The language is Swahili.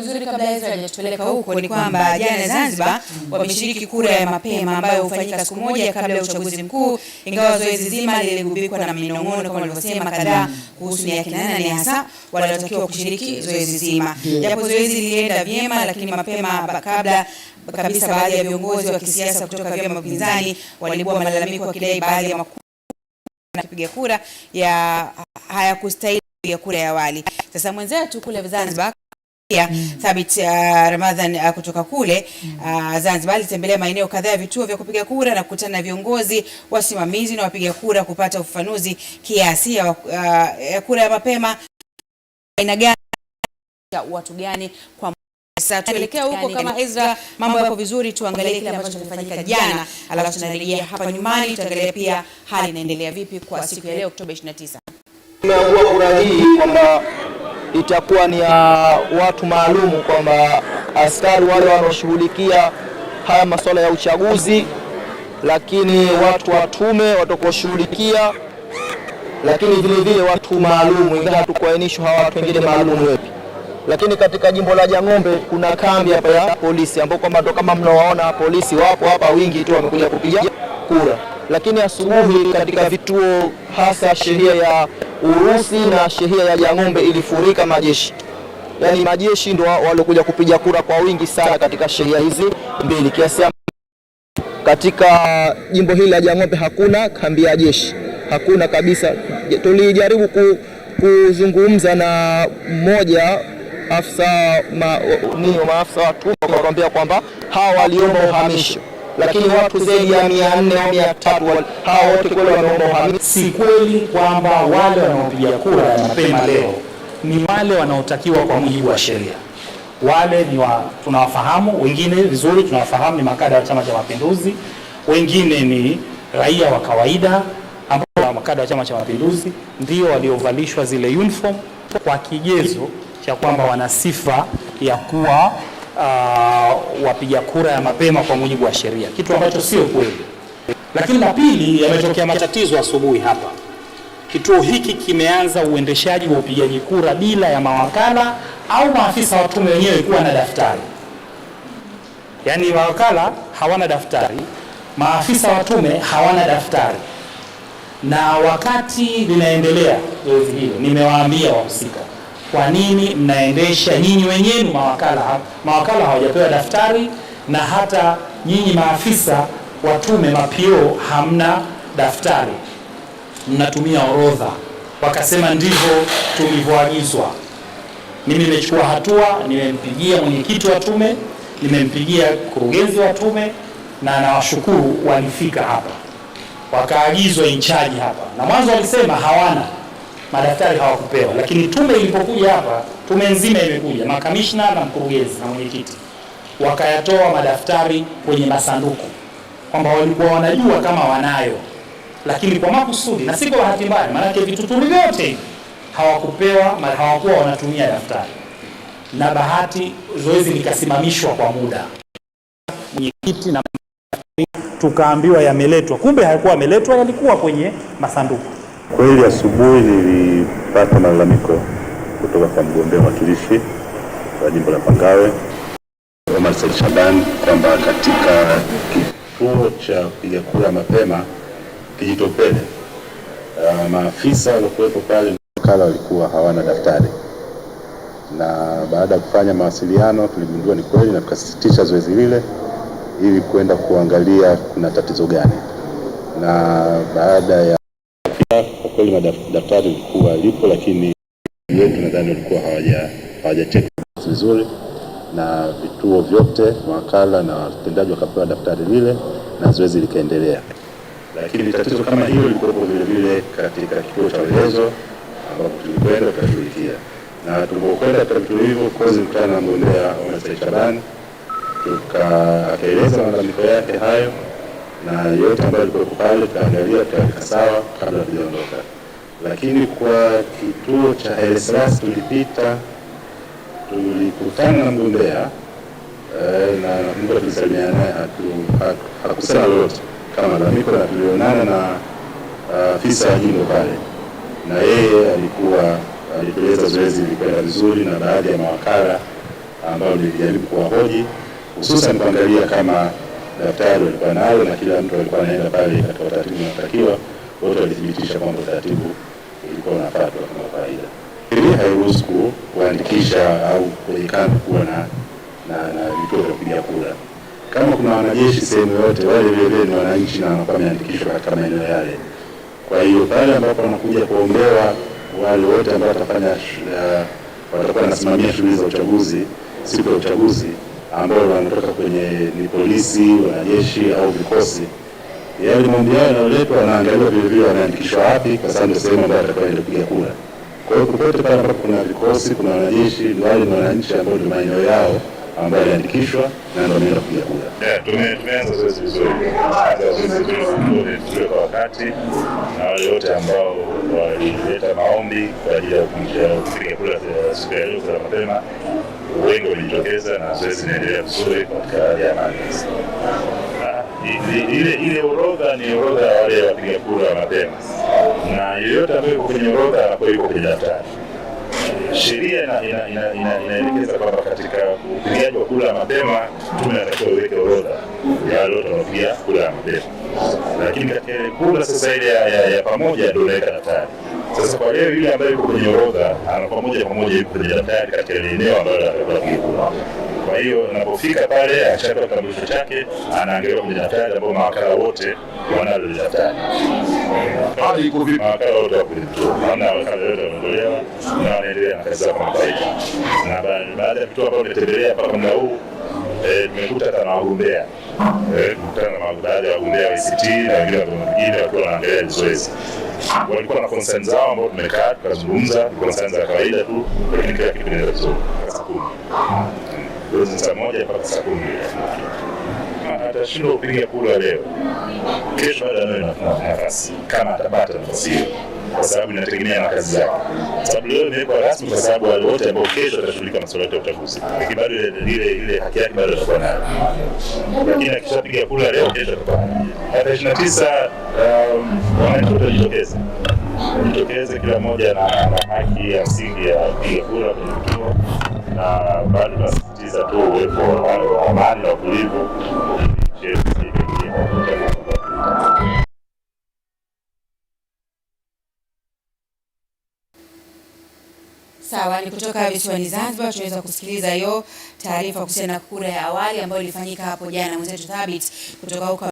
vizuri kabla hizo hajatupeleka huko ni kwamba jana Zanzibar wameshiriki kura ya mapema ambayo hufanyika siku moja kabla ya uchaguzi mkuu, ingawa zoezi zima liligubikwa na minong'ono kama walivyosema kadhaa kuhusu ni akina nani hasa wanaotakiwa kushiriki zoezi zima. Japo zoezi lilienda vyema, lakini mapema kabla kabisa baadhi ya viongozi wa kisiasa kutoka vyama vya upinzani walibua malalamiko wakidai baadhi ya makundi kupiga kura ya hayakustahili ya kura ya awali. Sasa mwenzetu kule Zanzibar Mm. Thabit uh, Ramadhan uh, kutoka kule mm. uh, Zanzibar alitembelea maeneo kadhaa ya vituo vya kupiga kura na kukutana na viongozi, wasimamizi na wapiga kura kupata ufafanuzi kiasi ya uh, kura ya mapema aina gani watu gani kwa sasa tuelekea huko kama Ezra, mambo yako vizuri, tuangalie kile ambacho kilifanyika jana, alafu tunarejea hapa nyumbani, tutaangalia pia hali inaendelea vipi kwa siku ya leo Oktoba 29. Tumeamua kura hii kwamba itakuwa ni ya watu maalumu, kwamba askari wale wanaoshughulikia haya masuala ya uchaguzi, lakini watu watume watakoshughulikia, lakini vilevile watu maalumu, ingawa hatukuainishwa hawa watu wengine maalumu wepi. Lakini katika jimbo la Jang'ombe kuna kambi hapa ya polisi, ambao kwamba ndo kama mnawaona polisi wapo hapa wingi tu, wamekuja kupiga kura. Lakini asubuhi katika vituo hasa sheria ya Urusi na shehia ya Jang'ombe ilifurika majeshi, yaani majeshi ndo waliokuja kupiga kura kwa wingi sana katika shehia hizi mbili, kiasi katika jimbo hili la Jang'ombe hakuna kambi ya jeshi, hakuna kabisa. Tulijaribu ku, kuzungumza na mmoja afisa ma, maafisa wa tuma, kwamba hawa waliomba uhamisho lakini watu zaidi ya mia nne au mia tatu hao wote kweli wameomba Si kweli kwamba wale wanaopiga kura ya mapema leo ni wale wanaotakiwa kwa mujibu wa sheria. Wale ni wa, tunawafahamu wengine vizuri, tunawafahamu ni makada wa Chama cha Mapinduzi, wengine ni raia wa kawaida ambao makada wa Chama cha Mapinduzi ndio waliovalishwa zile uniform kwa kigezo cha kwamba wana sifa ya kuwa uh, wapiga kura ya mapema kwa mujibu wa sheria, kitu ambacho sio kweli. Lakini la pili, yametokea matatizo asubuhi hapa. Kituo hiki kimeanza uendeshaji wa upigaji kura bila ya mawakala au maafisa wa tume wenyewe kuwa na daftari, yaani mawakala hawana daftari, maafisa wa tume hawana daftari, na wakati linaendelea zoezi hilo, nimewaambia wahusika kwa nini mnaendesha nyinyi wenyewe? Mawakala mawakala hawajapewa daftari, na hata nyinyi maafisa wa tume mapio hamna daftari, mnatumia orodha. Wakasema ndivyo tulivyoagizwa. Mimi nimechukua hatua, nimempigia mwenyekiti wa tume, nimempigia mkurugenzi wa tume, na nawashukuru walifika hapa, wakaagizwa inchaji hapa, na mwanzo walisema hawana madaftari hawakupewa, lakini tume ilipokuja hapa, tume nzima imekuja, makamishna na mkurugenzi na mwenyekiti wakayatoa madaftari kwenye masanduku, kwamba walikuwa wanajua kama wanayo, lakini kwa makusudi na si kwa bahati mbaya, maanake vituturu vyote hawakupewa, hawakuwa wanatumia daftari, na bahati zoezi likasimamishwa kwa muda, mwenyekiti na tukaambiwa yameletwa, kumbe hayakuwa yameletwa, yalikuwa kwenye masanduku. Kweli asubuhi nilipata malalamiko kutoka kwa mgombea mwakilishi wa jimbo la Pangawe Omar Said Shaban kwamba katika kituo cha kupiga kura mapema Kijitopele, uh, maafisa waliokuwepo pale wakala walikuwa hawana daftari, na baada ya kufanya mawasiliano tuligundua ni kweli, na tukasitisha zoezi lile ili kwenda kuangalia kuna tatizo gani, na baada ya kwa kweli madaftari likuwa lipo, lakini wetu nadhani walikuwa hawajacheki vizuri, na vituo vyote mawakala na watendaji wakapewa daftari lile na zoezi likaendelea, lakini tatizo kama hilo lilikuwepo vile vile katika kituo cha Uelezo ambapo tulikwenda tukashughulikia, na tulipokwenda katika vituo hivyo kozi mkutana na mgombea Omar Said Shabani, malalamiko yake hayo na yote ambayo ilikuwa pale tutaangalia, tutaweka sawa kabla tujaondoka. Lakini kwa kituo cha Haile tulipita, tulikutana na mgombea eh, na mgombea tulisalimiana naye, hakusema lolote kama lamiko, na tulionana na eh, afisa ya jimbo pale, na yeye alikuwa alitueleza zoezi lilikwenda vizuri, na baadhi ya mawakala ambao nilijaribu kuwahoji, hususan kuangalia kama daftari walikuwa nalo na kila mtu alikuwa anaenda pale katika utaratibu unaotakiwa. Wote walithibitisha kwamba utaratibu ilikuwa unafuatwa kama kawaida. Sheria hairuhusu kuandikisha au kwenye kambi kuwa na na vituo vya kupiga kura. Kama kuna wanajeshi sehemu yote wale vilevile ni wananchi na wanakuwa wameandikishwa katika maeneo yale. Kwa hiyo pale ambapo wanakuja kuombewa, wale wote ambao watafanya uh, watakuwa wanasimamia shughuli za uchaguzi siku ya uchaguzi ambao wanatoka kwenye ni polisi, wanajeshi au vikosi. Yale maombi yao yanayoletwa wanaangaliwa vile vile wanaandikishwa wapi, kwa sababu ndio sehemu ambayo atakwenda kupiga kura. Kwa hiyo popote pale ambapo kuna vikosi, kuna wanajeshi, wale ni wananchi ambao ni maeneo yao ambayo aliandikishwa na ndio ameenda kupiga kura. Tumeanza zoezi vizuri, kwa wakati na wale wote ambao walileta maombi kwa ajili ya kupiga kura siku ya leo, kura mapema. Wengi walijitokeza na zoezi linaendelea vizuri katika hali ya amani. Ah, ile ile orodha ni orodha ya wale wapiga kura mapema, na yeyote ambaye yuko kwenye orodha anakuwa yuko kwenye daftari. Sheria inaelekeza ina, ina, ina, ina kwamba katika upigaji wa kura mapema tume inatakiwa iweke orodha ya wale wote wanaopiga kura mapema lakini katika ile kura sasa ile ya, ya, ya pamoja ndio unaweka daftari. Sasa kwa leo yule ambaye yuko kwenye orodha ana pamoja pamoja moja yuko kwenye daftari katika ile eneo ambalo atakwenda kupiga kura. Kwa hiyo anapofika pale akishatoa kitambulisho chake anaangaliwa kwenye daftari ambapo mawakala wote wanalo ile daftari. Hadi iko vipi? Mawakala wote wako kwenye vituo, hamna wakala wote wameondolewa na wanaendelea na kazi zao kama kawaida. Na baada ya vituo ambao nimetembelea mpaka muda huu eh, tumekuta e, hata na wagombea e, eh, kukutana na magodada ya wagombea wa ACT na wengine wa vyama vingine wakiwa wanaangalia zoezi. Walikuwa na concern zao ambao tumekaa tukazungumza, concern za kawaida tu, lakini kila kitu kinaenda vizuri mpaka saa kumi saa moja mpaka saa kumi atashindwa kupiga kura leo, kesho bado anayo nafasi kama atapata nafasi hiyo kwa sababu inategemea na kazi zao. Sababu leo imekuwa rasmi kwa sababu wale wote ambao kesho watashughulika masuala yote ya uchaguzi, lakini bado ile ile haki yake bado atakuwa nayo, lakini akishapiga kura leo, kesho atakuwa hata ishirini na tisa um, wananchi watajitokeza jitokeze kila mmoja na haki ya msingi ya kupiga kura kwenye kituo, na bado tunasisitiza tu uwepo wa amani na utulivu. Sawa, ni kutoka visiwani Zanzibar. Tunaweza kusikiliza hiyo taarifa kuhusiana na kura ya awali ambayo ilifanyika hapo jana. Mwenzetu Thabit kutoka huko